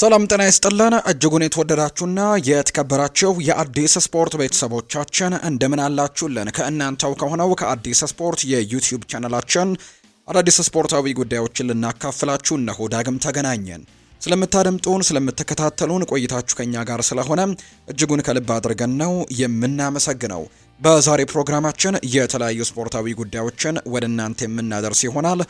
ሰላም ጤና ይስጥልን እጅጉን የተወደዳችሁና የተከበራችሁ የአዲስ ስፖርት ቤተሰቦቻችን እንደምን አላችሁልን? ከእናንተው ከሆነው ከአዲስ ስፖርት የዩቲዩብ ቻናላችን አዳዲስ ስፖርታዊ ጉዳዮችን ልናካፍላችሁ እነሆ ዳግም ተገናኘን። ስለምታደምጡን ስለምትከታተሉን ቆይታችሁ ከኛ ጋር ስለሆነ እጅጉን ከልብ አድርገን ነው የምናመሰግነው። በዛሬ ፕሮግራማችን የተለያዩ ስፖርታዊ ጉዳዮችን ወደ እናንተ የምናደርስ ይሆናል።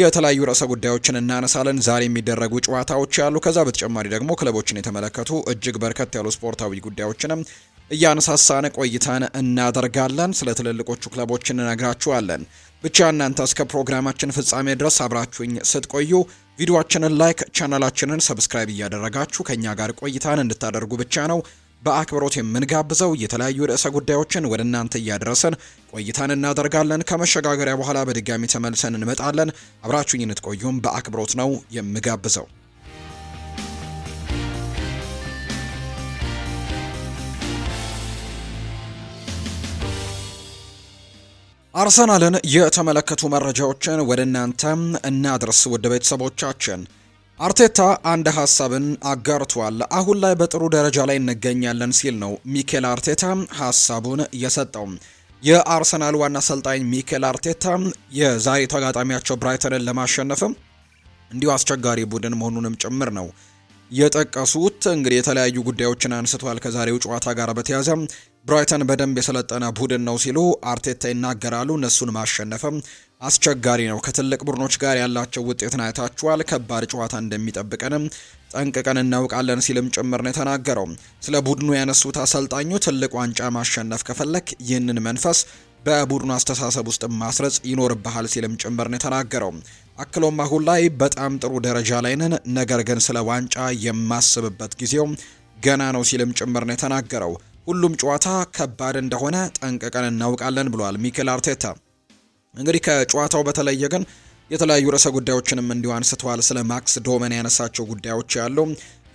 የተለያዩ ርዕሰ ጉዳዮችን እናነሳለን። ዛሬ የሚደረጉ ጨዋታዎች ያሉ፣ ከዛ በተጨማሪ ደግሞ ክለቦችን የተመለከቱ እጅግ በርከት ያሉ ስፖርታዊ ጉዳዮችንም እያነሳሳን ቆይታን እናደርጋለን። ስለ ትልልቆቹ ክለቦች እንነግራችኋለን። ብቻ እናንተ እስከ ፕሮግራማችን ፍጻሜ ድረስ አብራችሁኝ ስትቆዩ ቪዲዮአችንን ላይክ፣ ቻናላችንን ሰብስክራይብ እያደረጋችሁ ከኛ ጋር ቆይታን እንድታደርጉ ብቻ ነው በአክብሮት የምንጋብዘው የተለያዩ ርዕሰ ጉዳዮችን ወደ እናንተ እያደረሰን ቆይታን እናደርጋለን። ከመሸጋገሪያ በኋላ በድጋሚ ተመልሰን እንመጣለን። አብራችሁኝ እንድትቆዩም በአክብሮት ነው የምጋብዘው። አርሰናልን የተመለከቱ መረጃዎችን ወደ እናንተ እናድርስ ውድ ቤተሰቦቻችን። አርቴታ አንድ ሀሳብን አጋርቷል። አሁን ላይ በጥሩ ደረጃ ላይ እንገኛለን ሲል ነው ሚኬል አርቴታ ሀሳቡን የሰጠው። የአርሰናል ዋና አሰልጣኝ ሚኬል አርቴታ የዛሬ ተጋጣሚያቸው ብራይተንን ለማሸነፍም እንዲሁ አስቸጋሪ ቡድን መሆኑንም ጭምር ነው የጠቀሱት። እንግዲህ የተለያዩ ጉዳዮችን አንስቷል ከዛሬው ጨዋታ ጋር በተያያዘ ብራይተን በደንብ የሰለጠነ ቡድን ነው ሲሉ አርቴታ ይናገራሉ። እነሱን ማሸነፍም አስቸጋሪ ነው። ከትልቅ ቡድኖች ጋር ያላቸው ውጤትን አይታችኋል። ከባድ ጨዋታ እንደሚጠብቀንም ጠንቅቀን እናውቃለን ሲልም ጭምር ነው የተናገረው። ስለ ቡድኑ ያነሱት አሰልጣኙ ትልቅ ዋንጫ ማሸነፍ ከፈለክ ይህንን መንፈስ በቡድኑ አስተሳሰብ ውስጥ ማስረጽ ይኖርብሃል ሲልም ጭምር ነው የተናገረው። አክሎም አሁን ላይ በጣም ጥሩ ደረጃ ላይ ነን፣ ነገር ግን ስለ ዋንጫ የማስብበት ጊዜው ገና ነው ሲልም ጭምር ነው የተናገረው። ሁሉም ጨዋታ ከባድ እንደሆነ ጠንቅቀን እናውቃለን ብለዋል ሚኬል አርቴታ። እንግዲህ ከጨዋታው በተለየ ግን የተለያዩ ርዕሰ ጉዳዮችንም እንዲሁ አንስተዋል። ስለ ማክስ ዶመን ያነሳቸው ጉዳዮች ያሉ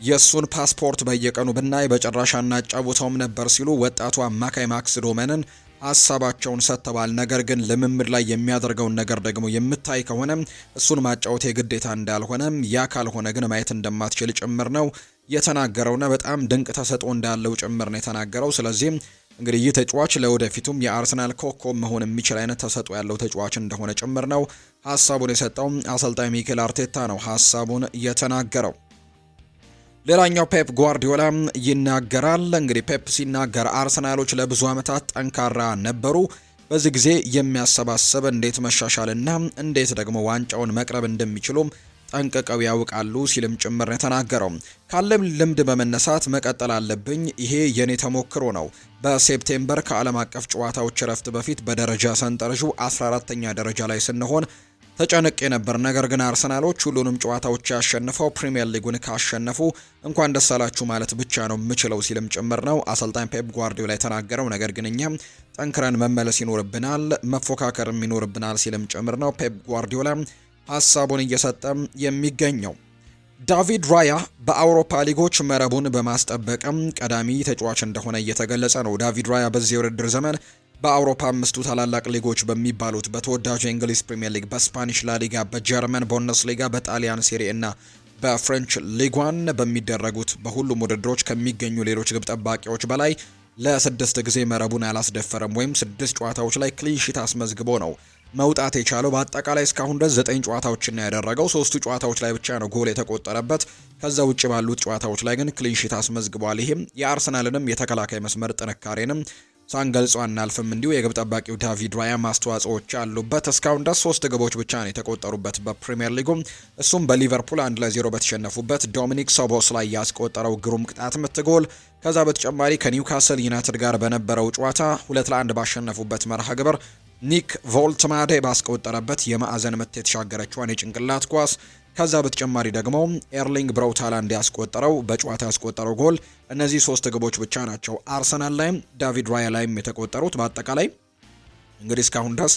የእሱን ፓስፖርት በየቀኑ ብናይ በጨራሽ አናጫውተውም ነበር ሲሉ ወጣቱ አማካይ ማክስ ዶመንን ሀሳባቸውን ሰጥተዋል። ነገር ግን ልምምድ ላይ የሚያደርገውን ነገር ደግሞ የምታይ ከሆነ እሱን ማጫወት የግዴታ እንዳልሆነም ያ ካልሆነ ግን ማየት እንደማትችል ጭምር ነው የተናገረውና በጣም ድንቅ ተሰጥኦ እንዳለው ጭምር ነው የተናገረው። ስለዚህም እንግዲህ ይህ ተጫዋች ለወደፊቱም የአርሰናል ኮከብ መሆን የሚችል አይነት ተሰጥኦ ያለው ተጫዋች እንደሆነ ጭምር ነው ሀሳቡን የሰጠው አሰልጣኝ ሚኬል አርቴታ ነው ሀሳቡን የተናገረው። ሌላኛው ፔፕ ጓርዲዮላ ይናገራል። እንግዲህ ፔፕ ሲናገር አርሰናሎች ለብዙ ዓመታት ጠንካራ ነበሩ። በዚህ ጊዜ የሚያሰባስብ እንዴት መሻሻልና እንዴት ደግሞ ዋንጫውን መቅረብ እንደሚችሉም ጠንቅቀው ያውቃሉ ሲልም ጭምር የተናገረው ካለም ልምድ በመነሳት መቀጠል አለብኝ። ይሄ የኔ ተሞክሮ ነው። በሴፕቴምበር ከዓለም አቀፍ ጨዋታዎች እረፍት በፊት በደረጃ ሰንጠረዡ 14ተኛ ደረጃ ላይ ስንሆን ተጨንቄ ነበር። ነገር ግን አርሰናሎች ሁሉንም ጨዋታዎች ያሸንፈው ፕሪምየር ሊጉን ካሸነፉ እንኳን ደስ አላችሁ ማለት ብቻ ነው የምችለው ሲልም ጭምር ነው አሰልጣኝ ፔፕ ጓርዲዮላ የተናገረው። ነገር ግን እኛም ጠንክረን መመለስ ይኖርብናል፣ መፎካከርም ይኖርብናል ሲልም ጭምር ነው ፔፕ ጓርዲዮላ ሀሳቡን እየሰጠም የሚገኘው። ዳቪድ ራያ በአውሮፓ ሊጎች መረቡን በማስጠበቅም ቀዳሚ ተጫዋች እንደሆነ እየተገለጸ ነው። ዳቪድ ራያ በዚህ የውድድር ዘመን በአውሮፓ አምስቱ ታላላቅ ሊጎች በሚባሉት በተወዳጁ የእንግሊዝ ፕሪምየር ሊግ፣ በስፓኒሽ ላሊጋ፣ በጀርመን ቡንደስ ሊጋ፣ በጣሊያን ሴሪ እና በፍሬንች ሊጓን በሚደረጉት በሁሉም ውድድሮች ከሚገኙ ሌሎች ግብ ጠባቂዎች በላይ ለስድስት ጊዜ መረቡን አላስደፈረም ወይም ስድስት ጨዋታዎች ላይ ክሊንሺት አስመዝግቦ ነው መውጣት የቻለው በአጠቃላይ እስካሁን ድረስ ዘጠኝ ጨዋታዎችን ነው ያደረገው። ሶስቱ ጨዋታዎች ላይ ብቻ ነው ጎል የተቆጠረበት። ከዛ ውጭ ባሉት ጨዋታዎች ላይ ግን ክሊንሺት አስመዝግቧል። ይህም የአርሰናልንም የተከላካይ መስመር ጥንካሬንም ሳንገልጾ አናልፍም። እንዲሁ የግብ ጠባቂው ዳቪድ ራያ ማስተዋጽኦዎች አሉበት። እስካሁን ድረስ ሶስት ግቦች ብቻ ነው የተቆጠሩበት በፕሪምየር ሊጉ። እሱም በሊቨርፑል አንድ ለዜሮ በተሸነፉበት ዶሚኒክ ሶቦስ ላይ ያስቆጠረው ግሩም ቅጣት ምት ጎል፣ ከዛ በተጨማሪ ከኒውካስል ዩናይትድ ጋር በነበረው ጨዋታ ሁለት ለአንድ ባሸነፉበት መርሃ ግብር ኒክ ቮልትማዴ ባስቆጠረበት የማዕዘን ምት የተሻገረችዋን የጭንቅላት ኳስ ከዛ በተጨማሪ ደግሞ ኤርሊንግ ብረውታላንድ ያስቆጠረው በጨዋታ ያስቆጠረው ጎል እነዚህ ሶስት ግቦች ብቻ ናቸው። አርሰናል ላይም ዳቪድ ራያ ላይም የተቆጠሩት በአጠቃላይ እንግዲህ እስካሁን ድረስ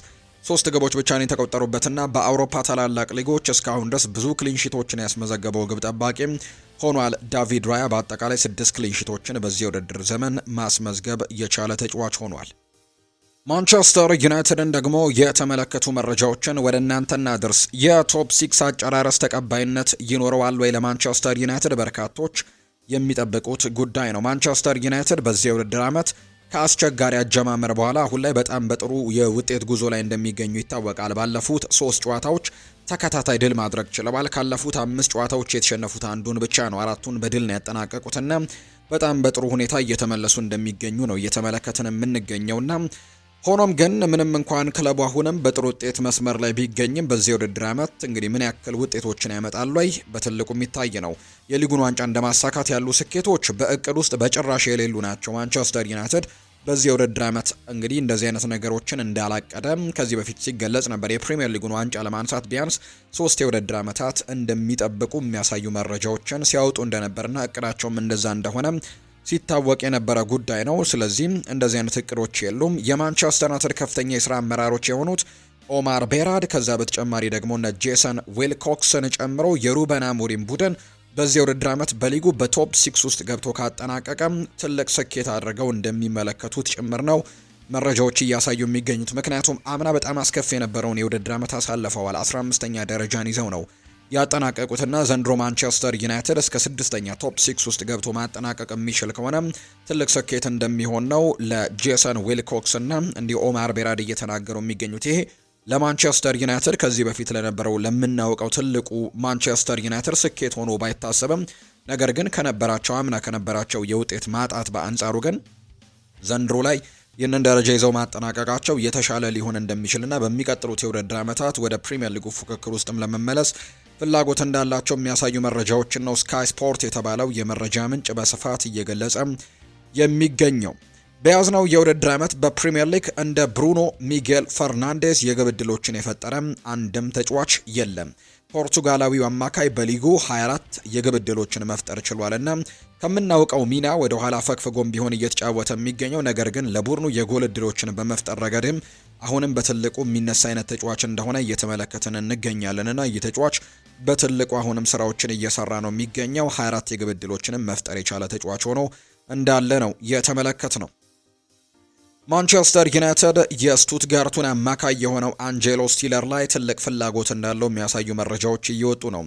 ሶስት ግቦች ብቻ ነው የተቆጠሩበትና በአውሮፓ ታላላቅ ሊጎች እስካሁን ድረስ ብዙ ክሊንሺቶችን ያስመዘገበው ግብ ጠባቂ ሆኗል። ዳቪድ ራያ በአጠቃላይ ስድስት ክሊንሺቶችን በዚህ የውድድር ዘመን ማስመዝገብ የቻለ ተጫዋች ሆኗል። ማንቸስተር ዩናይትድን ደግሞ የተመለከቱ መረጃዎችን ወደ እናንተ እናድርስ። የቶፕ ሲክስ አጨራረስ ተቀባይነት ይኖረዋል ወይ? ለማንቸስተር ዩናይትድ በርካቶች የሚጠብቁት ጉዳይ ነው። ማንቸስተር ዩናይትድ በዚህ የውድድር ዓመት ከአስቸጋሪ አጀማመር በኋላ አሁን ላይ በጣም በጥሩ የውጤት ጉዞ ላይ እንደሚገኙ ይታወቃል። ባለፉት ሶስት ጨዋታዎች ተከታታይ ድል ማድረግ ችለዋል። ካለፉት አምስት ጨዋታዎች የተሸነፉት አንዱን ብቻ ነው። አራቱን በድል ነው ያጠናቀቁትና በጣም በጥሩ ሁኔታ እየተመለሱ እንደሚገኙ ነው እየተመለከትን የምንገኘውና ሆኖም ግን ምንም እንኳን ክለቡ አሁንም በጥሩ ውጤት መስመር ላይ ቢገኝም በዚህ የውድድር ዓመት እንግዲህ ምን ያክል ውጤቶችን ያመጣሉ ላይ በትልቁ የሚታይ ነው። የሊጉን ዋንጫ እንደማሳካት ያሉ ስኬቶች በእቅድ ውስጥ በጭራሽ የሌሉ ናቸው። ማንቸስተር ዩናይትድ በዚህ የውድድር ዓመት እንግዲህ እንደዚህ አይነት ነገሮችን እንዳላቀደም ከዚህ በፊት ሲገለጽ ነበር። የፕሪምየር ሊጉን ዋንጫ ለማንሳት ቢያንስ ሶስት የውድድር ዓመታት እንደሚጠብቁ የሚያሳዩ መረጃዎችን ሲያወጡ እንደነበርና እቅዳቸውም እንደዛ እንደሆነ ሲታወቅ የነበረ ጉዳይ ነው። ስለዚህም እንደዚህ አይነት እቅዶች የሉም። የማንቸስተር ዩናይትድ ከፍተኛ የስራ አመራሮች የሆኑት ኦማር ቤራድ ከዛ በተጨማሪ ደግሞ እነ ጄሰን ዊልኮክስን ጨምሮ የሩበን አሞሪም ቡድን በዚህ ውድድር ዓመት በሊጉ በቶፕ ሲክስ ውስጥ ገብቶ ካጠናቀቀም ትልቅ ስኬት አድርገው እንደሚመለከቱት ጭምር ነው መረጃዎች እያሳዩ የሚገኙት። ምክንያቱም አምና በጣም አስከፊ የነበረውን የውድድር ዓመት አሳልፈዋል። 15ኛ ደረጃን ይዘው ነው ያጠናቀቁትና ዘንድሮ ማንቸስተር ዩናይትድ እስከ ስድስተኛ ቶፕ ሲክስ ውስጥ ገብቶ ማጠናቀቅ የሚችል ከሆነ ትልቅ ስኬት እንደሚሆን ነው ለጄሰን ዊልኮክስ እና እንዲሁ ኦማር ቤራድ እየተናገሩ የሚገኙት ይሄ ለማንቸስተር ዩናይትድ ከዚህ በፊት ለነበረው ለምናውቀው ትልቁ ማንቸስተር ዩናይትድ ስኬት ሆኖ ባይታሰብም ነገር ግን ከነበራቸው አምና ከነበራቸው የውጤት ማጣት በአንጻሩ ግን ዘንድሮ ላይ ይህንን ደረጃ ይዘው ማጠናቀቃቸው የተሻለ ሊሆን እንደሚችልና በሚቀጥሉት የውድድር ዓመታት ወደ ፕሪምየር ሊጉ ፉክክር ውስጥም ለመመለስ ፍላጎት እንዳላቸው የሚያሳዩ መረጃዎችን ነው ስካይ ስፖርት የተባለው የመረጃ ምንጭ በስፋት እየገለጸ የሚገኘው። በያዝነው የውድድር ዓመት በፕሪምየር ሊግ እንደ ብሩኖ ሚጌል ፈርናንዴስ የግብ ዕድሎችን የፈጠረ አንድም ተጫዋች የለም። ፖርቱጋላዊው አማካይ በሊጉ 24 የግብ ዕድሎችን መፍጠር ችሏልና ከምናውቀው ሚና ወደ ኋላ ፈግፍጎም ቢሆን እየተጫወተ የሚገኘው ነገር ግን ለቡድኑ የጎል ዕድሎችን በመፍጠር ረገድም አሁንም በትልቁ የሚነሳ አይነት ተጫዋች እንደሆነ እየተመለከትን እንገኛለንና ይህ ተጫዋች በትልቁ አሁንም ስራዎችን እየሰራ ነው የሚገኘው። 24 የግብ ዕድሎችንም መፍጠር የቻለ ተጫዋች ሆኖ እንዳለ ነው የተመለከት ነው። ማንቸስተር ዩናይትድ የስቱትጋርቱን አማካይ የሆነው አንጄሎ ስቲለር ላይ ትልቅ ፍላጎት እንዳለው የሚያሳዩ መረጃዎች እየወጡ ነው።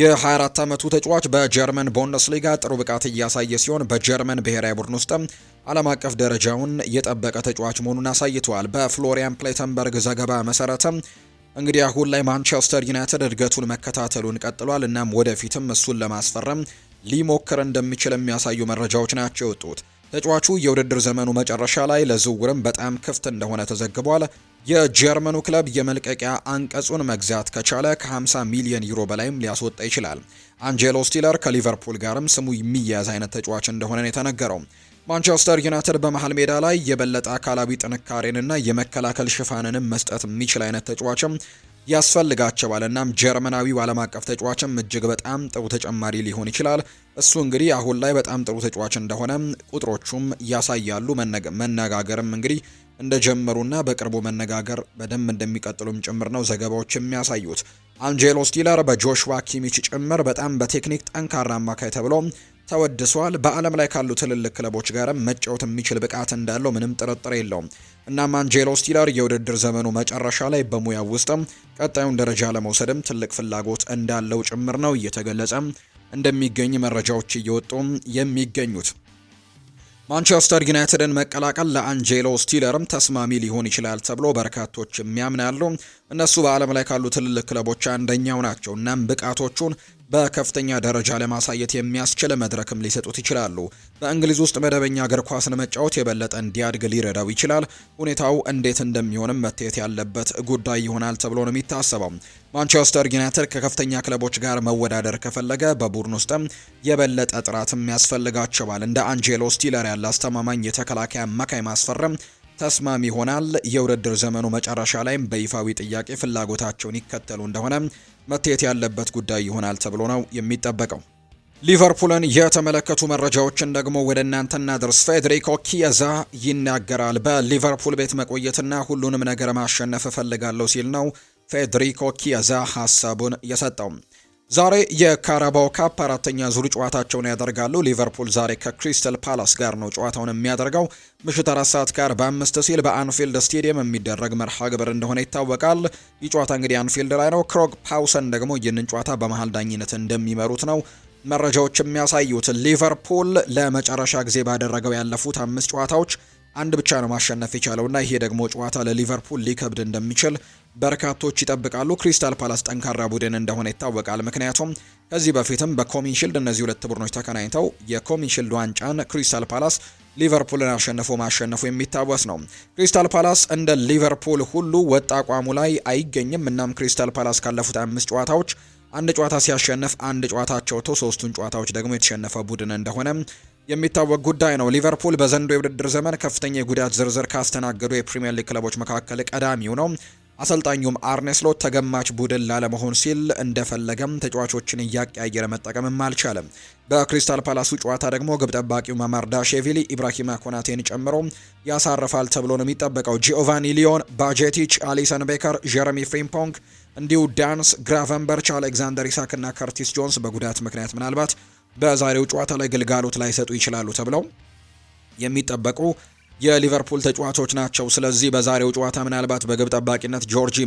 የ24 ዓመቱ ተጫዋች በጀርመን ቡንደስሊጋ ጥሩ ብቃት እያሳየ ሲሆን በጀርመን ብሔራዊ ቡድን ውስጥም ዓለም አቀፍ ደረጃውን የጠበቀ ተጫዋች መሆኑን አሳይተዋል። በፍሎሪያን ፕሌተንበርግ ዘገባ መሰረትም እንግዲህ አሁን ላይ ማንቸስተር ዩናይትድ እድገቱን መከታተሉን ቀጥሏል። እናም ወደፊትም እሱን ለማስፈረም ሊሞክር እንደሚችል የሚያሳዩ መረጃዎች ናቸው የወጡት። ተጫዋቹ የውድድር ዘመኑ መጨረሻ ላይ ለዝውውርም በጣም ክፍት እንደሆነ ተዘግቧል። የጀርመኑ ክለብ የመልቀቂያ አንቀጹን መግዛት ከቻለ ከ50 ሚሊዮን ዩሮ በላይም ሊያስወጣ ይችላል። አንጀሎ ስቲለር ከሊቨርፑል ጋርም ስሙ የሚያያዝ አይነት ተጫዋች እንደሆነ ነው የተነገረው። ማንቸስተር ዩናይትድ በመሀል ሜዳ ላይ የበለጠ አካላዊ ጥንካሬንና የመከላከል ሽፋንንም መስጠት የሚችል አይነት ተጫዋችም ያስፈልጋቸዋል። እናም ጀርመናዊው ዓለም አቀፍ ተጫዋችም እጅግ በጣም ጥሩ ተጨማሪ ሊሆን ይችላል። እሱ እንግዲህ አሁን ላይ በጣም ጥሩ ተጫዋች እንደሆነ ቁጥሮቹም ያሳያሉ። መነጋገርም እንግዲህ እንደጀመሩና በቅርቡ መነጋገር በደንብ እንደሚቀጥሉም ጭምር ነው ዘገባዎች የሚያሳዩት። አንጄሎ ስቲለር በጆሽዋ ኪሚች ጭምር በጣም በቴክኒክ ጠንካራ አማካይ ተብሎ ተወድሷል። በዓለም ላይ ካሉ ትልልቅ ክለቦች ጋርም መጫወት የሚችል ብቃት እንዳለው ምንም ጥርጥር የለውም። እናም አንጄሎ ስቲለር የውድድር ዘመኑ መጨረሻ ላይ በሙያው ውስጥም ቀጣዩን ደረጃ ለመውሰድም ትልቅ ፍላጎት እንዳለው ጭምር ነው እየተገለጸ እንደሚገኝ መረጃዎች እየወጡ የሚገኙት። ማንቸስተር ዩናይትድን መቀላቀል ለአንጄሎ ስቲለርም ተስማሚ ሊሆን ይችላል ተብሎ በርካቶች የሚያምናሉ። እነሱ በዓለም ላይ ካሉ ትልልቅ ክለቦች አንደኛው ናቸው። እናም ብቃቶቹን በከፍተኛ ደረጃ ለማሳየት የሚያስችል መድረክም ሊሰጡት ይችላሉ። በእንግሊዝ ውስጥ መደበኛ እግር ኳስን መጫወት የበለጠ እንዲያድግ ሊረዳው ይችላል። ሁኔታው እንዴት እንደሚሆንም መታየት ያለበት ጉዳይ ይሆናል ተብሎ ነው የሚታሰበው። ማንቸስተር ዩናይትድ ከከፍተኛ ክለቦች ጋር መወዳደር ከፈለገ በቡድን ውስጥም የበለጠ ጥራትም ያስፈልጋቸዋል። እንደ አንጄሎ ስቲለር ያለ አስተማማኝ የተከላካይ አማካይ ማስፈረም ተስማሚ ይሆናል። የውድድር ዘመኑ መጨረሻ ላይም በይፋዊ ጥያቄ ፍላጎታቸውን ይከተሉ እንደሆነ መታየት ያለበት ጉዳይ ይሆናል ተብሎ ነው የሚጠበቀው። ሊቨርፑልን የተመለከቱ መረጃዎችን ደግሞ ወደ እናንተና እናድርስ። ፌዴሪኮ ኪየዛ ይናገራል። በሊቨርፑል ቤት መቆየትና ሁሉንም ነገር ማሸነፍ እፈልጋለሁ ሲል ነው ፌዴሪኮ ኪየዛ ሀሳቡን የሰጠው። ዛሬ የካራባው ካፕ አራተኛ ዙር ጨዋታቸውን ያደርጋሉ። ሊቨርፑል ዛሬ ከክሪስተል ፓላስ ጋር ነው ጨዋታውን የሚያደርገው። ምሽት አራት ሰዓት ጋር በአምስት ሲል በአንፊልድ ስቴዲየም የሚደረግ መርሃ ግብር እንደሆነ ይታወቃል። ይህ ጨዋታ እንግዲህ አንፊልድ ላይ ነው። ክሮግ ፓውሰን ደግሞ ይህንን ጨዋታ በመሀል ዳኝነት እንደሚመሩት ነው መረጃዎች የሚያሳዩት። ሊቨርፑል ለመጨረሻ ጊዜ ባደረገው ያለፉት አምስት ጨዋታዎች አንድ ብቻ ነው ማሸነፍ የቻለው እና ይሄ ደግሞ ጨዋታ ለሊቨርፑል ሊከብድ እንደሚችል በርካቶች ይጠብቃሉ። ክሪስታል ፓላስ ጠንካራ ቡድን እንደሆነ ይታወቃል። ምክንያቱም ከዚህ በፊትም በኮሚንሽልድ እነዚህ ሁለት ቡድኖች ተከናኝተው የኮሚንሽልድ ዋንጫን ክሪስታል ፓላስ ሊቨርፑልን አሸንፎ ማሸነፉ የሚታወስ ነው። ክሪስታል ፓላስ እንደ ሊቨርፑል ሁሉ ወጥ አቋሙ ላይ አይገኝም። እናም ክሪስታል ፓላስ ካለፉት አምስት ጨዋታዎች አንድ ጨዋታ ሲያሸንፍ አንድ ጨዋታቸው ቶ ሶስቱን ጨዋታዎች ደግሞ የተሸነፈ ቡድን እንደሆነ የሚታወቅ ጉዳይ ነው። ሊቨርፑል በዘንዶ የውድድር ዘመን ከፍተኛ የጉዳት ዝርዝር ካስተናገዱ የፕሪምየር ሊግ ክለቦች መካከል ቀዳሚው ነው። አሰልጣኙም አርኔ ተገማች ቡድን ላለመሆን ሲል እንደፈለገም ተጫዋቾችን እያቀያየረ መጠቀምም አልቻለም። በክሪስታል ፓላሱ ጨዋታ ደግሞ ግብ ጠባቂው ማማርዳሽቪሊ ኢብራሂማ ኮናቴን ጨምሮ ያሳርፋል ተብሎ ነው የሚጠበቀው። ጂኦቫኒ ሊዮን፣ ባጄቲች፣ አሊሰን ቤከር፣ ጀረሚ ፍሪምፖንግ እንዲሁ ዳንስ፣ ግራቨንበርች፣ አሌክዛንደር ኢሳክ እና ከርቲስ ጆንስ በጉዳት ምክንያት ምናልባት በዛሬው ጨዋታ ላይ ግልጋሎት ላይሰጡ ይችላሉ ተብለው የሚጠበቁ የሊቨርፑል ተጫዋቾች ናቸው። ስለዚህ በዛሬው ጨዋታ ምናልባት በግብ ጠባቂነት ጆርጂ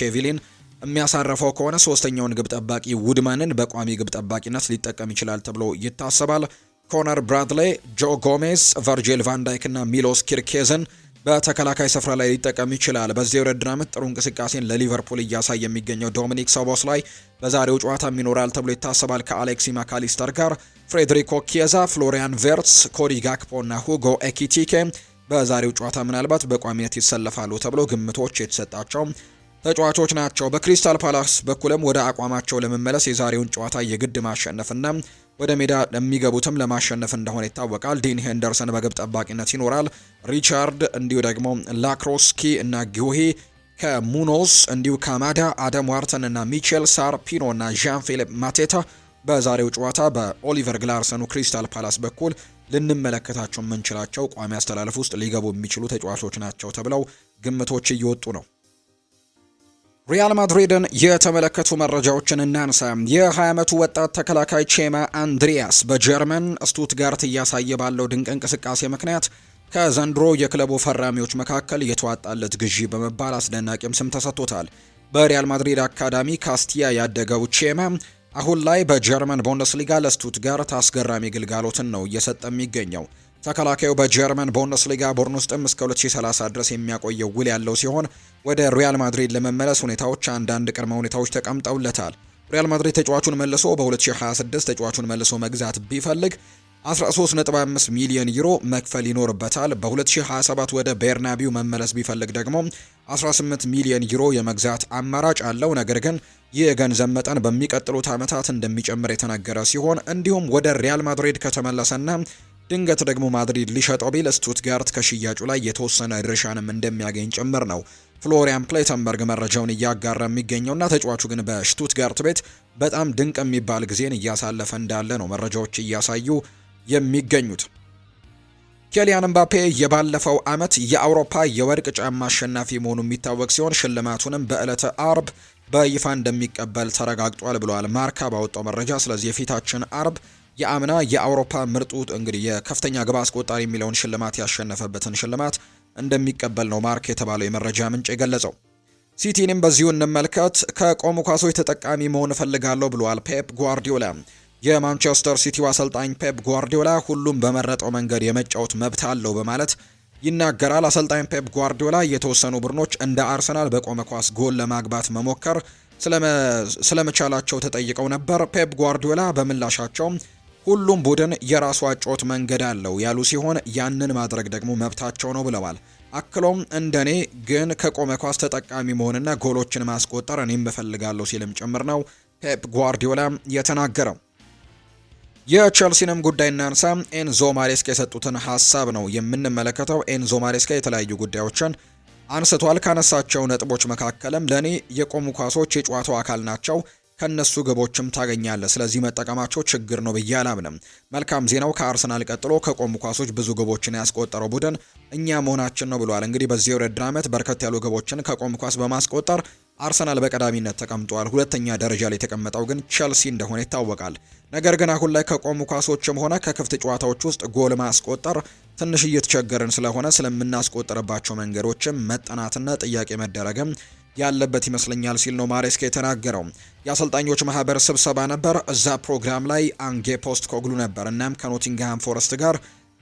ሼቪሊን የሚያሳረፈው ከሆነ ሶስተኛውን ግብ ጠባቂ ውድመንን በቋሚ ግብ ጠባቂነት ሊጠቀም ይችላል ተብሎ ይታሰባል። ኮነር ብራድሌ፣ ጆ ጎሜዝ፣ ቨርጂል ቫንዳይክ እና ሚሎስ ኪርኬዝን በተከላካይ ስፍራ ላይ ሊጠቀም ይችላል። በዚህ የውድድር ዓመት ጥሩ እንቅስቃሴን ለሊቨርፑል እያሳየ የሚገኘው ዶሚኒክ ሰቦስ ላይ በዛሬው ጨዋታ ይኖራል ተብሎ ይታሰባል። ከአሌክሲ ማካሊስተር ጋር ፍሬድሪኮ ኪየዛ፣ ፍሎሪያን ቬርትስ፣ ኮዲ ጋክፖ እና ሁጎ ኤኪቲኬ በዛሬው ጨዋታ ምናልባት በቋሚነት ይሰለፋሉ ተብሎ ግምቶች የተሰጣቸው ተጫዋቾች ናቸው። በክሪስታል ፓላስ በኩልም ወደ አቋማቸው ለመመለስ የዛሬውን ጨዋታ የግድ ማሸነፍና ወደ ሜዳ የሚገቡትም ለማሸነፍ እንደሆነ ይታወቃል። ዲን ሄንደርሰን በግብ ጠባቂነት ይኖራል። ሪቻርድ እንዲሁ ደግሞ ላክሮስኪ እና ጊሄ ከሙኖስ እንዲሁ ካማዳ፣ አደም ዋርተን እና ሚቼል ሳር ፒኖ እና ዣን ፊሊፕ ማቴታ በዛሬው ጨዋታ በኦሊቨር ግላርሰኑ ክሪስታል ፓላስ በኩል ልንመለከታቸው የምንችላቸው ቋሚ አስተላለፍ ውስጥ ሊገቡ የሚችሉ ተጫዋቾች ናቸው ተብለው ግምቶች እየወጡ ነው። ሪያል ማድሪድን የተመለከቱ መረጃዎችን እናንሳ። የ20 ዓመቱ ወጣት ተከላካይ ቼማ አንድሪያስ በጀርመን ስቱትጋርት እያሳየ ባለው ድንቅ እንቅስቃሴ ምክንያት ከዘንድሮ የክለቡ ፈራሚዎች መካከል የተዋጣለት ግዢ በመባል አስደናቂም ስም ተሰጥቶታል። በሪያል ማድሪድ አካዳሚ ካስቲያ ያደገው ቼማ አሁን ላይ በጀርመን ቡንደስሊጋ ለስቱትጋርት አስገራሚ ግልጋሎትን ነው እየሰጠ የሚገኘው። ተከላካዩ በጀርመን ቡንደስሊጋ ቡድን ውስጥም እስከ 2030 ድረስ የሚያቆየው ውል ያለው ሲሆን ወደ ሪያል ማድሪድ ለመመለስ ሁኔታዎች አንዳንድ ቅድመ ሁኔታዎች ተቀምጠውለታል። ሪያል ማድሪድ ተጫዋቹን መልሶ በ2026 ተጫዋቹን መልሶ መግዛት ቢፈልግ 13.5 ሚሊዮን ዩሮ መክፈል ይኖርበታል። በ2027 ወደ ቤርናቢው መመለስ ቢፈልግ ደግሞ 18 ሚሊዮን ዩሮ የመግዛት አማራጭ አለው። ነገር ግን ይህ የገንዘብ መጠን በሚቀጥሉት ዓመታት እንደሚጨምር የተነገረ ሲሆን እንዲሁም ወደ ሪያል ማድሪድ ከተመለሰና ድንገት ደግሞ ማድሪድ ሊሸጠው ቢል ስቱትጋርት ከሽያጩ ላይ የተወሰነ ድርሻንም እንደሚያገኝ ጭምር ነው ፍሎሪያን ፕሌተንበርግ መረጃውን እያጋራ የሚገኘውና ተጫዋቹ ግን በሽቱትጋርት ቤት በጣም ድንቅ የሚባል ጊዜን እያሳለፈ እንዳለ ነው መረጃዎች እያሳዩ የሚገኙት። ኬሊያን ምባፔ የባለፈው ዓመት የአውሮፓ የወርቅ ጫማ አሸናፊ መሆኑ የሚታወቅ ሲሆን ሽልማቱንም በዕለተ አርብ በይፋ እንደሚቀበል ተረጋግጧል ብለዋል ማርካ ባወጣው መረጃ። ስለዚህ የፊታችን አርብ የአምና የአውሮፓ ምርጡ እንግዲህ የከፍተኛ ግብ አስቆጣሪ የሚለውን ሽልማት ያሸነፈበትን ሽልማት እንደሚቀበል ነው ማርክ የተባለው የመረጃ ምንጭ የገለጸው። ሲቲንም በዚሁ እንመልከት። ከቆሙ ኳሶች ተጠቃሚ መሆን እፈልጋለሁ ብለዋል ፔፕ ጓርዲዮላ። የማንቸስተር ሲቲው አሰልጣኝ ፔፕ ጓርዲዮላ ሁሉም በመረጠው መንገድ የመጫወት መብት አለው በማለት ይናገራል። አሰልጣኝ ፔፕ ጓርዲዮላ የተወሰኑ ቡድኖች እንደ አርሰናል በቆመ ኳስ ጎል ለማግባት መሞከር ስለመቻላቸው ተጠይቀው ነበር። ፔፕ ጓርዲዮላ በምላሻቸው ሁሉም ቡድን የራሱ አጨዋወት መንገድ አለው ያሉ ሲሆን ያንን ማድረግ ደግሞ መብታቸው ነው ብለዋል። አክሎም እንደኔ ግን ከቆመ ኳስ ተጠቃሚ መሆንና ጎሎችን ማስቆጠር እኔም እፈልጋለሁ ሲልም ጭምር ነው ፔፕ ጓርዲዮላ የተናገረው። የቼልሲንም ጉዳይ እናንሳ። ኤንዞ ማሬስካ የሰጡትን ሀሳብ ነው የምንመለከተው። ኤንዞ ማሬስካ የተለያዩ ጉዳዮችን አንስቷል። ካነሳቸው ነጥቦች መካከልም ለእኔ የቆሙ ኳሶች የጨዋታው አካል ናቸው ከነሱ ግቦችም ታገኛለ ስለዚህ መጠቀማቸው ችግር ነው ብዬ አላምንም። መልካም ዜናው ከአርሰናል ቀጥሎ ከቆሙ ኳሶች ብዙ ግቦችን ያስቆጠረው ቡድን እኛ መሆናችን ነው ብሏል። እንግዲህ በዚህ የውድድር ዓመት በርከት ያሉ ግቦችን ከቆም ኳስ በማስቆጠር አርሰናል በቀዳሚነት ተቀምጧል። ሁለተኛ ደረጃ ላይ የተቀመጠው ግን ቸልሲ እንደሆነ ይታወቃል። ነገር ግን አሁን ላይ ከቆሙ ኳሶችም ሆነ ከክፍት ጨዋታዎች ውስጥ ጎል ማስቆጠር ትንሽ እየተቸገርን ስለሆነ ስለምናስቆጥርባቸው መንገዶችም መጠናትና ጥያቄ መደረግም ያለበት ይመስለኛል ሲል ነው ማሬስካ የተናገረው። የአሰልጣኞች ማህበር ስብሰባ ነበር። እዛ ፕሮግራም ላይ አንጌ ፖስት ኮግሉ ነበር። እናም ከኖቲንግሃም ፎረስት ጋር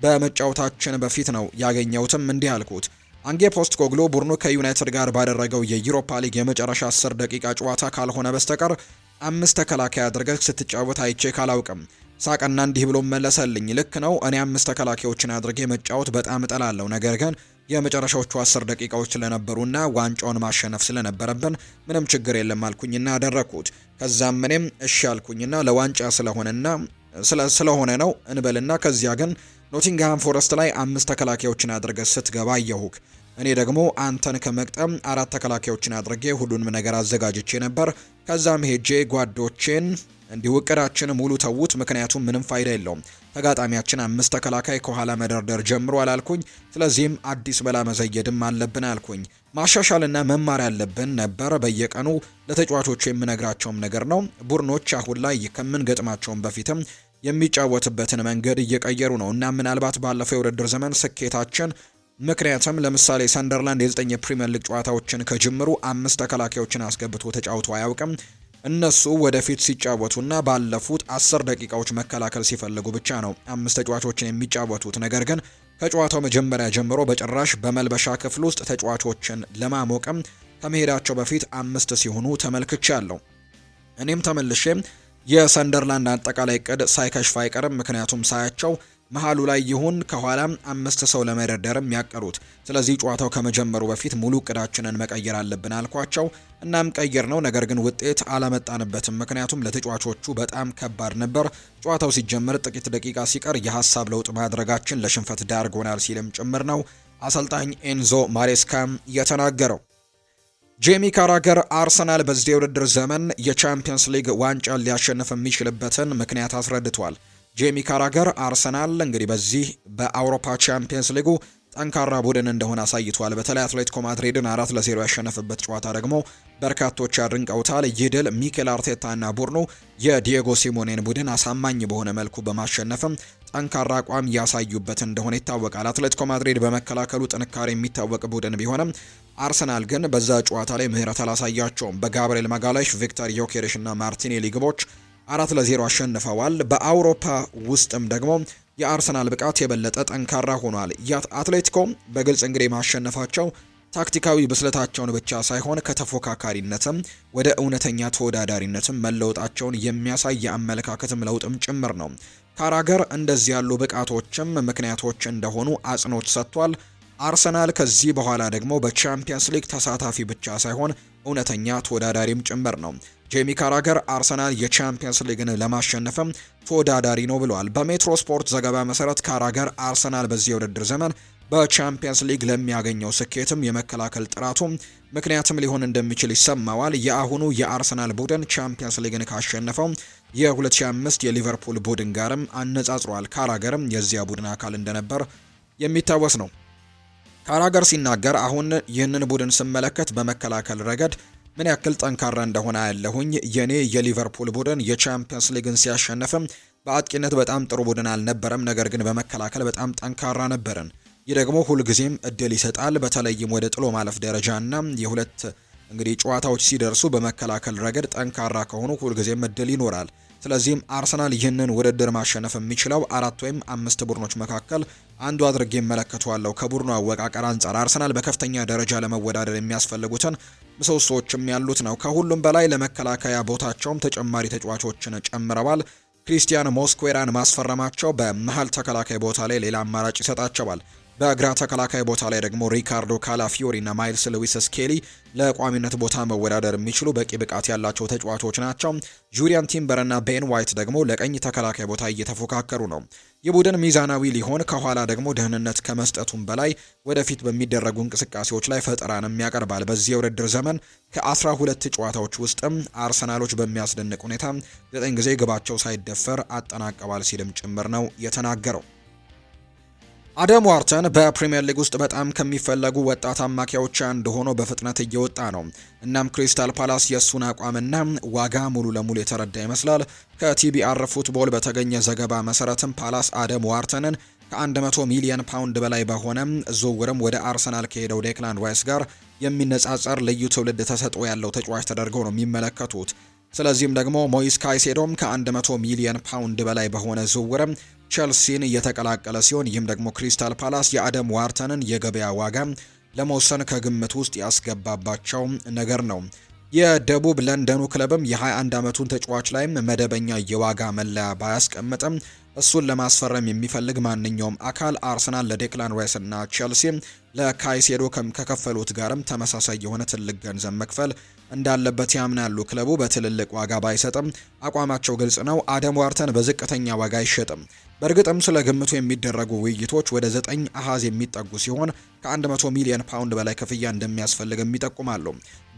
በመጫወታችን በፊት ነው ያገኘሁትም። እንዲህ አልኩት፣ አንጌ ፖስት ኮግሎ ቡድኑ ከዩናይትድ ጋር ባደረገው የዩሮፓ ሊግ የመጨረሻ አስር ደቂቃ ጨዋታ ካልሆነ በስተቀር አምስት ተከላካይ አድርገህ ስትጫወት አይቼ ካላውቅም። ሳቀና እንዲህ ብሎ መለሰልኝ፣ ልክ ነው፣ እኔ አምስት ተከላካዮችን አድርጌ መጫወት በጣም እጠላለሁ፣ ነገር ግን የመጨረሻዎቹ አስር ደቂቃዎች ስለነበሩና ዋንጫውን ማሸነፍ ስለነበረብን ምንም ችግር የለም አልኩኝና አደረግኩት። ከዛም እኔም እሺ አልኩኝና ለዋንጫ ስለሆነና ስለሆነ ነው እንበልና ከዚያ ግን ኖቲንግሃም ፎረስት ላይ አምስት ተከላካዮችን አድርገህ ስትገባ አየሁክ። እኔ ደግሞ አንተን ከመቅጠም አራት ተከላካዮችን አድርጌ ሁሉንም ነገር አዘጋጅቼ ነበር። ከዛም ሄጄ ጓዶቼን እንዲሁ እቅዳችን ሙሉ ተዉት፣ ምክንያቱም ምንም ፋይዳ የለውም። ተጋጣሚያችን አምስት ተከላካይ ከኋላ መደርደር ጀምሮ አላልኩኝ። ስለዚህም አዲስ በላ መዘየድም አለብን አልኩኝ። ማሻሻልና መማር ያለብን ነበር። በየቀኑ ለተጫዋቾቹ የምነግራቸውም ነገር ነው። ቡድኖች አሁን ላይ ከምን ገጥማቸውን በፊትም የሚጫወትበትን መንገድ እየቀየሩ ነው እና ምናልባት ባለፈው የውድድር ዘመን ስኬታችን ምክንያትም ለምሳሌ ሰንደርላንድ የዘጠኝ የፕሪምየር ሊግ ጨዋታዎችን ከጅምሩ አምስት ተከላካዮችን አስገብቶ ተጫውቶ አያውቅም። እነሱ ወደፊት ሲጫወቱና ባለፉት አስር ደቂቃዎች መከላከል ሲፈልጉ ብቻ ነው አምስት ተጫዋቾችን የሚጫወቱት። ነገር ግን ከጨዋታው መጀመሪያ ጀምሮ በጭራሽ በመልበሻ ክፍል ውስጥ ተጫዋቾችን ለማሞቅም ከመሄዳቸው በፊት አምስት ሲሆኑ ተመልክቻለሁ። እኔም ተመልሼ የሰንደርላንድ አጠቃላይ እቅድ ሳይከሽፍ አይቀርም፣ ምክንያቱም ሳያቸው መሀሉ ላይ ይሁን ከኋላም አምስት ሰው ለመደርደርም ያቀሩት። ስለዚህ ጨዋታው ከመጀመሩ በፊት ሙሉ እቅዳችንን መቀየር አለብን አልኳቸው። እናም ቀየር ነው። ነገር ግን ውጤት አላመጣንበትም፣ ምክንያቱም ለተጫዋቾቹ በጣም ከባድ ነበር። ጨዋታው ሲጀመር ጥቂት ደቂቃ ሲቀር የሀሳብ ለውጥ ማድረጋችን ለሽንፈት ዳርጎናል ሲልም ጭምር ነው አሰልጣኝ ኤንዞ ማሬስካም የተናገረው። ጄሚ ካራገር አርሰናል በዚህ የውድድር ዘመን የቻምፒየንስ ሊግ ዋንጫ ሊያሸንፍ የሚችልበትን ምክንያት አስረድቷል። ጄሚ ካራገር አርሰናል እንግዲህ በዚህ በአውሮፓ ቻምፒየንስ ሊጉ ጠንካራ ቡድን እንደሆነ አሳይቷል። በተለይ አትሌቲኮ ማድሪድን አራት ለዜሮ ያሸነፈበት ጨዋታ ደግሞ በርካቶች አድንቀውታል። ይህ ድል ሚኬል አርቴታና ቡድኑ የዲየጎ ሲሞኔን ቡድን አሳማኝ በሆነ መልኩ በማሸነፍም ጠንካራ አቋም ያሳዩበት እንደሆነ ይታወቃል። አትሌቲኮ ማድሪድ በመከላከሉ ጥንካሬ የሚታወቅ ቡድን ቢሆንም አርሰናል ግን በዛ ጨዋታ ላይ ምህረት አላሳያቸውም። በጋብርኤል ማጋላሽ፣ ቪክተር ዮኬሬሽ እና ማርቲኔሊ ግቦች አራት ለዜሮ አሸንፈዋል። በአውሮፓ ውስጥም ደግሞ የአርሰናል ብቃት የበለጠ ጠንካራ ሆኗል። አትሌቲኮ በግልጽ እንግዲህ ማሸነፋቸው ታክቲካዊ ብስለታቸውን ብቻ ሳይሆን ከተፎካካሪነትም ወደ እውነተኛ ተወዳዳሪነትም መለወጣቸውን የሚያሳይ የአመለካከትም ለውጥም ጭምር ነው። ካራገር እንደዚህ ያሉ ብቃቶችም ምክንያቶች እንደሆኑ አጽንኦት ሰጥቷል። አርሰናል ከዚህ በኋላ ደግሞ በቻምፒየንስ ሊግ ተሳታፊ ብቻ ሳይሆን እውነተኛ ተወዳዳሪም ጭምር ነው። ጄሚ ካራገር አርሰናል የቻምፒየንስ ሊግን ለማሸነፍም ተወዳዳሪ ነው ብለዋል። በሜትሮ ስፖርት ዘገባ መሰረት ካራገር አርሰናል በዚህ የውድድር ዘመን በቻምፒየንስ ሊግ ለሚያገኘው ስኬትም የመከላከል ጥራቱ ምክንያትም ሊሆን እንደሚችል ይሰማዋል። የአሁኑ የአርሰናል ቡድን ቻምፒየንስ ሊግን ካሸነፈው የ2005 የሊቨርፑል ቡድን ጋርም አነጻጽሯል። ካራገርም የዚያ ቡድን አካል እንደነበር የሚታወስ ነው። ካራገር ሲናገር አሁን ይህንን ቡድን ስመለከት በመከላከል ረገድ ምን ያክል ጠንካራ እንደሆነ ያለሁኝ። የኔ የሊቨርፑል ቡድን የቻምፒየንስ ሊግን ሲያሸንፍም በአጥቂነት በጣም ጥሩ ቡድን አልነበረም፣ ነገር ግን በመከላከል በጣም ጠንካራ ነበርን። ይህ ደግሞ ሁልጊዜም እድል ይሰጣል። በተለይም ወደ ጥሎ ማለፍ ደረጃና የሁለት እንግዲህ ጨዋታዎች ሲደርሱ በመከላከል ረገድ ጠንካራ ከሆኑ ሁልጊዜም እድል ይኖራል። ስለዚህም አርሰናል ይህንን ውድድር ማሸነፍ የሚችለው አራት ወይም አምስት ቡድኖች መካከል አንዱ አድርጌ እመለከተዋለሁ። ከቡድኑ አወቃቀር አንጻር አርሰናል በከፍተኛ ደረጃ ለመወዳደር የሚያስፈልጉትን ምሰሶዎችም ያሉት ነው። ከሁሉም በላይ ለመከላከያ ቦታቸውም ተጨማሪ ተጫዋቾችን ጨምረዋል። ክሪስቲያን ሞስኩዌራን ማስፈረማቸው በመሀል ተከላካይ ቦታ ላይ ሌላ አማራጭ ይሰጣቸዋል። በግራ ተከላካይ ቦታ ላይ ደግሞ ሪካርዶ ካላፊዮሪ እና ማይልስ ሉዊስ ስኬሊ ለቋሚነት ቦታ መወዳደር የሚችሉ በቂ ብቃት ያላቸው ተጫዋቾች ናቸው። ጁሪያን ቲምበር እና ቤን ዋይት ደግሞ ለቀኝ ተከላካይ ቦታ እየተፎካከሩ ነው። የቡድን ሚዛናዊ ሊሆን ከኋላ ደግሞ ደህንነት ከመስጠቱም በላይ ወደፊት በሚደረጉ እንቅስቃሴዎች ላይ ፈጠራንም ያቀርባል። በዚህ የውድድር ዘመን ከአስራ ሁለት ጨዋታዎች ውስጥም አርሰናሎች በሚያስደንቅ ሁኔታ ዘጠኝ ጊዜ ግባቸው ሳይደፈር አጠናቀዋል ሲልም ጭምር ነው የተናገረው። አደም ዋርተን በፕሪምየር ሊግ ውስጥ በጣም ከሚፈለጉ ወጣት አማካዮች አንዱ ሆኖ በፍጥነት እየወጣ ነው። እናም ክሪስታል ፓላስ የእሱን አቋምና ዋጋ ሙሉ ለሙሉ የተረዳ ይመስላል። ከቲቢአር ፉትቦል በተገኘ ዘገባ መሰረትም ፓላስ አደም ዋርተንን ከ100 ሚሊዮን ፓውንድ በላይ በሆነ ዝውውርም ወደ አርሰናል ከሄደው ዴክላንድ ዋይስ ጋር የሚነጻጸር ልዩ ትውልድ ተሰጥኦ ያለው ተጫዋች ተደርገው ነው የሚመለከቱት። ስለዚህም ደግሞ ሞይስ ካይሴዶም ከ100 ሚሊዮን ፓውንድ በላይ በሆነ ዝውውርም ቸልሲን እየተቀላቀለ ሲሆን ይህም ደግሞ ክሪስታል ፓላስ የአደም ዋርተንን የገበያ ዋጋ ለመወሰን ከግምት ውስጥ ያስገባባቸው ነገር ነው። የደቡብ ለንደኑ ክለብም የ21 ዓመቱን ተጫዋች ላይም መደበኛ የዋጋ መለያ ባያስቀምጥም እሱን ለማስፈረም የሚፈልግ ማንኛውም አካል አርሰናል ለዴክላን ራይስ እና ቸልሲ ለካይሴዶ ከከፈሉት ጋርም ተመሳሳይ የሆነ ትልቅ ገንዘብ መክፈል እንዳለበት ያምናሉ። ክለቡ በትልልቅ ዋጋ ባይሰጥም አቋማቸው ግልጽ ነው። አደም ዋርተን በዝቅተኛ ዋጋ አይሸጥም። በእርግጥም ስለ ግምቱ የሚደረጉ ውይይቶች ወደ ዘጠኝ አሃዝ የሚጠጉ ሲሆን ከ100 ሚሊዮን ፓውንድ በላይ ክፍያ እንደሚያስፈልግም ይጠቁማሉ።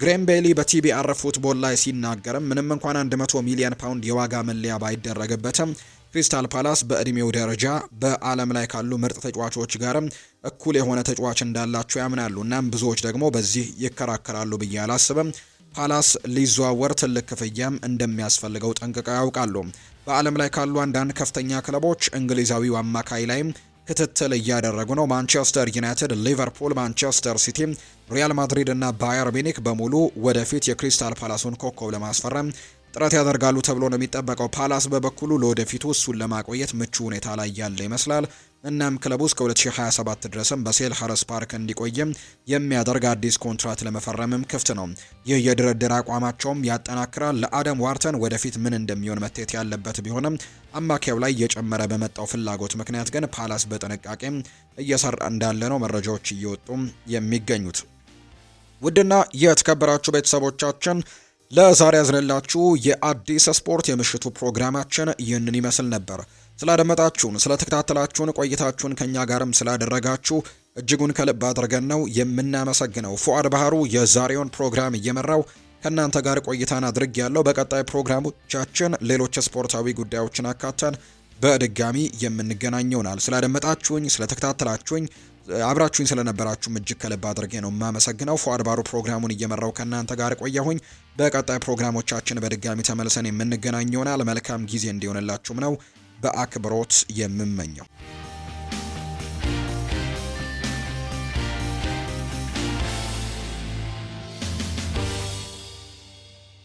ግሬም ቤሊ በቲቢአር ፉትቦል ላይ ሲናገርም ምንም እንኳን 100 ሚሊዮን ፓውንድ የዋጋ መለያ ባይደረግበትም ክሪስታል ፓላስ በእድሜው ደረጃ በዓለም ላይ ካሉ ምርጥ ተጫዋቾች ጋርም እኩል የሆነ ተጫዋች እንዳላቸው ያምናሉ። እናም ብዙዎች ደግሞ በዚህ ይከራከራሉ ብዬ አላስብም። ፓላስ ሊዘዋወር ትልቅ ክፍያም እንደሚያስፈልገው ጠንቅቀው ያውቃሉ። በዓለም ላይ ካሉ አንዳንድ ከፍተኛ ክለቦች እንግሊዛዊው አማካይ ላይም ክትትል እያደረጉ ነው። ማንቸስተር ዩናይትድ፣ ሊቨርፑል፣ ማንቸስተር ሲቲ፣ ሪያል ማድሪድ እና ባየር ሚኒክ በሙሉ ወደፊት የክሪስታል ፓላሱን ኮከብ ለማስፈረም ጥረት ያደርጋሉ ተብሎ ነው የሚጠበቀው። ፓላስ በበኩሉ ለወደፊቱ እሱን ለማቆየት ምቹ ሁኔታ ላይ ያለ ይመስላል። እናም ክለቡ እስከ 2027 ድረስም በሴል ሀረስ ፓርክ እንዲቆይም የሚያደርግ አዲስ ኮንትራት ለመፈረምም ክፍት ነው። ይህ የድርድር አቋማቸውም ያጠናክራል። ለአደም ዋርተን ወደፊት ምን እንደሚሆን መታየት ያለበት ቢሆንም አማካዩ ላይ እየጨመረ በመጣው ፍላጎት ምክንያት ግን ፓላስ በጥንቃቄም እየሰራ እንዳለ ነው መረጃዎች እየወጡም የሚገኙት። ውድና የተከበራችሁ ቤተሰቦቻችን ለዛሬ ያዝነላችሁ የአዲስ ስፖርት የምሽቱ ፕሮግራማችን ይህንን ይመስል ነበር። ስላደመጣችሁን፣ ስለተከታተላችሁን፣ ቆይታችሁን ከእኛ ጋርም ስላደረጋችሁ እጅጉን ከልብ አድርገን ነው የምናመሰግነው። ፉአድ ባህሩ የዛሬውን ፕሮግራም እየመራው ከእናንተ ጋር ቆይታን አድርግ ያለው። በቀጣይ ፕሮግራሞቻችን ሌሎች ስፖርታዊ ጉዳዮችን አካተን በድጋሚ የምንገናኘውናል። ይሆናል። ስላደመጣችሁኝ፣ ስለተከታተላችሁኝ አብራችሁኝ ስለነበራችሁም እጅግ ከልብ አድርጌ ነው የማመሰግነው። ፏድ ባሩ ፕሮግራሙን እየመራው ከእናንተ ጋር ቆየሁኝ። በቀጣይ ፕሮግራሞቻችን በድጋሚ ተመልሰን የምንገናኝ ይሆናል። መልካም ጊዜ እንዲሆንላችሁም ነው በአክብሮት የምመኘው።